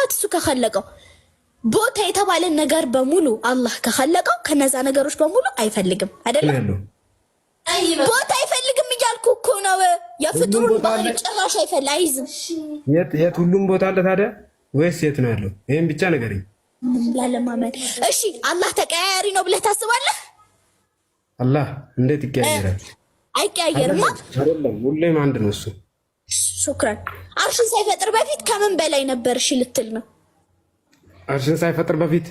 ፍጥረታት እሱ ከኸለቀው ቦታ የተባለ ነገር በሙሉ አላህ ከኸለቀው ከነዛ ነገሮች በሙሉ አይፈልግም። አይደለም ቦታ አይፈልግም እያልኩ እኮ ነው። የፍጡሩን ባህሪ ጭራሽ አይፈል አይዝም። የት ሁሉም ቦታ አለ ታዲያ ወይስ የት ነው ያለው? ይህም ብቻ ንገረኝ ላለማመን። እሺ አላህ ተቀያያሪ ነው ብለህ ታስባለህ? አላህ እንዴት ይቀያየራል? አይቀያየርማ። ሁሌም አንድ ነው እሱ ሹክራን አርሽን ሳይፈጥር በፊት ከምን በላይ ነበር? እሺ ልትል ነው። አርሽን ሳይፈጥር በፊት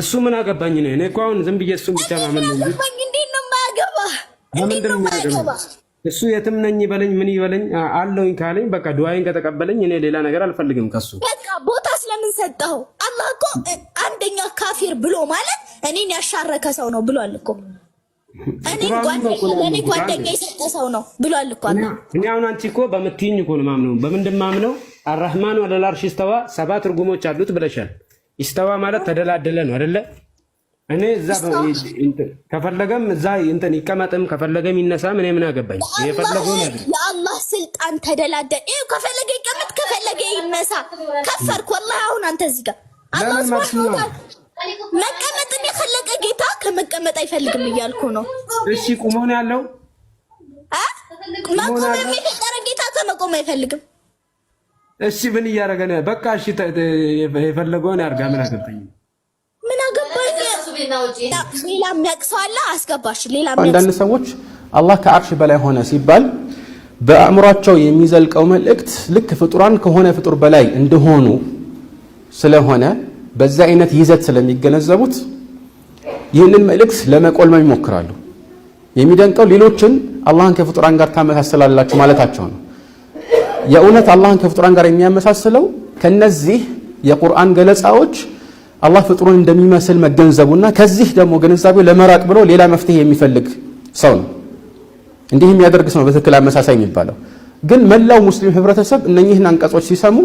እሱ ምን አገባኝ ነው? እኔ እኮ አሁን ዝም ብዬ እሱን ብቻ ማመን ነው እንዴት ነው እሱ የትም ነኝ በለኝ ምን ይበለኝ አለውኝ ካለኝ በቃ ዱዓይን ከተቀበለኝ እኔ ሌላ ነገር አልፈልግም ከሱ። በቃ ቦታ ስለምን ሰጠው? አላህ እኮ አንደኛ ካፊር ብሎ ማለት እኔን ያሻረከ ሰው ነው ብሏል እኮ እኔ ጓደኛ የሰጠ ሰው ነው ብሏል እኮ እኔ አሁን አንቺ እኮ በምትይኝ እኮ ነው የማምነው። በምንድን ማምነው? አራህማኑ አለል ስተዋ ሰባ ትርጉሞች አሉት ብለሻል። ይስተዋ ማለት ተደላደለ ነው አይደለ? እኔ እዛ ከፈለገም እዛ እንትን ይቀመጥም ከፈለገም ይነሳም፣ እኔ ምን አገባኝ? የፈለገው የአላህ ስልጣን ተደላደለ። ይኸው ከፈለገ ይቀመጥ ከፈለገ ይነሳ። ከፈርክ ወላሂ። አሁን አንተ እዚህ ጋር እናንተ መቀመጥ አይፈልግም እያልኩ ነው። እሺ ቁሞ ያለው። መቆም የሚፈጠረ ጌታ መቆም አይፈልግም። እሺ ምን እያደረገ ነው? በቃ እሺ የፈለገውን ያድርጋ። ምን አገባኝ ምን አገባኝ። ሌላ የሚያውቅ ሰው አለ አስገባሽ። ሌላ አንዳንድ ሰዎች አላህ ከአርሽ በላይ ሆነ ሲባል በአእምሯቸው የሚዘልቀው መልእክት ልክ ፍጡራን ከሆነ ፍጡር በላይ እንደሆኑ ስለሆነ በዛ አይነት ይዘት ስለሚገነዘቡት ይህንን መልእክት ለመቆልመም ይሞክራሉ። የሚደንቀው ሌሎችን አላህን ከፍጡራን ጋር ታመሳስላላችሁ ማለታቸው ነው። የእውነት አላህን ከፍጡራን ጋር የሚያመሳስለው ከነዚህ የቁርአን ገለጻዎች አላህ ፍጡሩን እንደሚመስል መገንዘቡና ከዚህ ደግሞ ግንዛቤው ለመራቅ ብሎ ሌላ መፍትሄ የሚፈልግ ሰው ነው። እንዲህ የሚያደርግ ሰው ነው በትክክል አመሳሳይ የሚባለው። ግን መላው ሙስሊም ህብረተሰብ እነኚህን አንቀጾች ሲሰሙ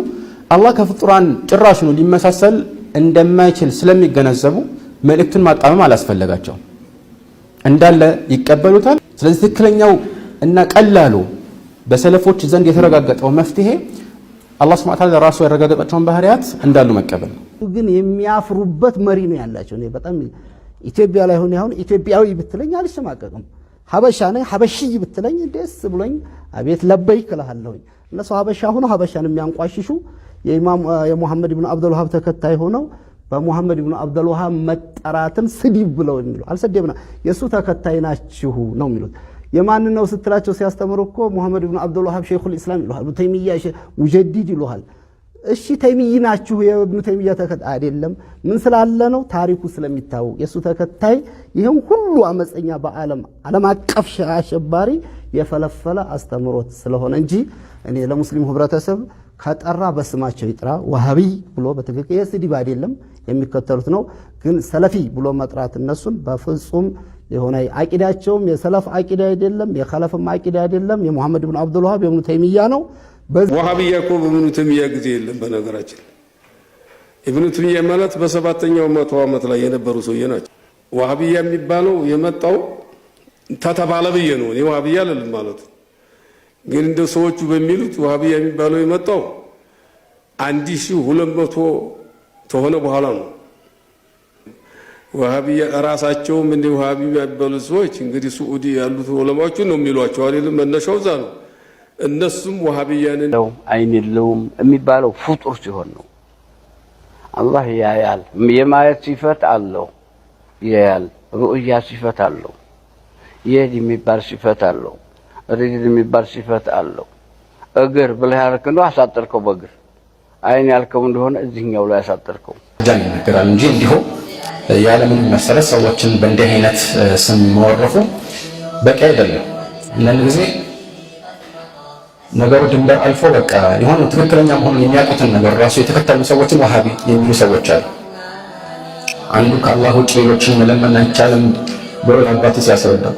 አላህ ከፍጡራን ጭራሽ ነው ሊመሳሰል እንደማይችል ስለሚገነዘቡ መልእክቱን ማጣመም አላስፈለጋቸውም። እንዳለ ይቀበሉታል። ስለዚህ ትክክለኛው እና ቀላሉ በሰለፎች ዘንድ የተረጋገጠው መፍትሄ አላህ ሱብሓነሁ ወተዓላ ራሱ ያረጋገጣቸውን ባህሪያት እንዳሉ መቀበል ነው። ግን የሚያፍሩበት መሪ ነው ያላቸው። እኔ በጣም ኢትዮጵያ ላይ ሆነ አሁን ኢትዮጵያዊ ብትለኝ አልሸማቀቅም። ሀበሻ ነኝ ሀበሽይ ብትለኝ ደስ ብሎኝ አቤት ለበይክ እልሃለሁኝ። እነሱ ሀበሻ ሆኖ ሀበሻን የሚያንቋሽሹ የኢማም የሙሐመድ ብን አብዱል ተከታይ ሆነው በሙሐመድ ብኑ አብደልውሃብ መጠራትን ስዲብ ብለው የሚሉ አልሰደብና የእሱ ተከታይ ናችሁ ነው የሚሉት። የማን ነው ስትላቸው ሲያስተምሩ እኮ ሙሐመድ ብኑ አብደልውሃብ ሸይኹል ኢስላም ይሉሃል፣ ብኑ ተይሚያ ውጀዲድ ይሉሃል። እሺ ተይሚይ ናችሁ የብኑ ተይሚያ ተከታይ አይደለም። ምን ስላለ ነው? ታሪኩ ስለሚታወቅ የእሱ ተከታይ ይህን ሁሉ አመፀኛ በዓለም ዓለም አቀፍ አሸባሪ የፈለፈለ አስተምሮት ስለሆነ እንጂ እኔ ለሙስሊሙ ህብረተሰብ ከጠራ በስማቸው ይጥራ፣ ዋሃቢ ብሎ በትክክል የስድብ አይደለም። የሚከተሉት ነው። ግን ሰለፊ ብሎ መጥራት እነሱን በፍጹም የሆነ አቂዳቸውም የሰለፍ አቂዳ አይደለም፣ የከለፍም አቂዳ አይደለም። የሙሐመድ ብን አብዱልዋሃብ የብኑ ተይሚያ ነው። ዋሃብያ እኮ በብኑ ተይሚያ ጊዜ የለም። በነገራችን ኢብኑ ተይሚያ ማለት በሰባተኛው መቶ ዓመት ላይ የነበሩ ሰውዬ ናቸው። ዋሃብያ የሚባለው የመጣው ተተባለ ብዬ ነው እኔ ዋሃብያ አልልም ማለት ግን እንደ ሰዎቹ በሚሉት ዋሃብያ የሚባለው የመጣው አንድ ሺህ ሁለት መቶ ከሆነ በኋላ ነው። ዋሃቢያ ራሳቸው ምን ዋሃቢ የሚባሉ ሰዎች እንግዲህ ሱዑዲ ያሉት ዑለማዎችን ነው የሚሏቸው አይደለም። መነሻው እዛ ነው። እነሱም ዋሃቢያንን አይን የለውም የሚባለው ፍጡር ሲሆን ነው። አላህ ያያል። የማየት ሲፈት አለው፣ ያያል። ሩእያ ሲፈት አለው፣ የድ የሚባል ሲፈት አለው፣ ሪድ የሚባል ሲፈት አለው። እግር ብለህ ያልክ ነው አሳጠርከው በእግር አይን ያልከው እንደሆነ እዚህኛው ላይ ያሳጠርከው ጃን ይነገራል እንጂ እንዲሁ ያለምንም መሰረት ሰዎችን በእንዲህ አይነት ስም መወረፉ በቂ አይደለም። አንዳንድ ጊዜ ነገሩ ድንበር አልፎ በቃ የሆኑ ትክክለኛ መሆኑን የሚያውቁትን ነገር ራሱ የተከተሉ ሰዎችን ዋሃቢ የሚሉ ሰዎች አሉ። አንዱ ከአላህ ውጭ ሌሎችን መለመን አይቻልም ብሎ ለአባቴ ሲያስረዳው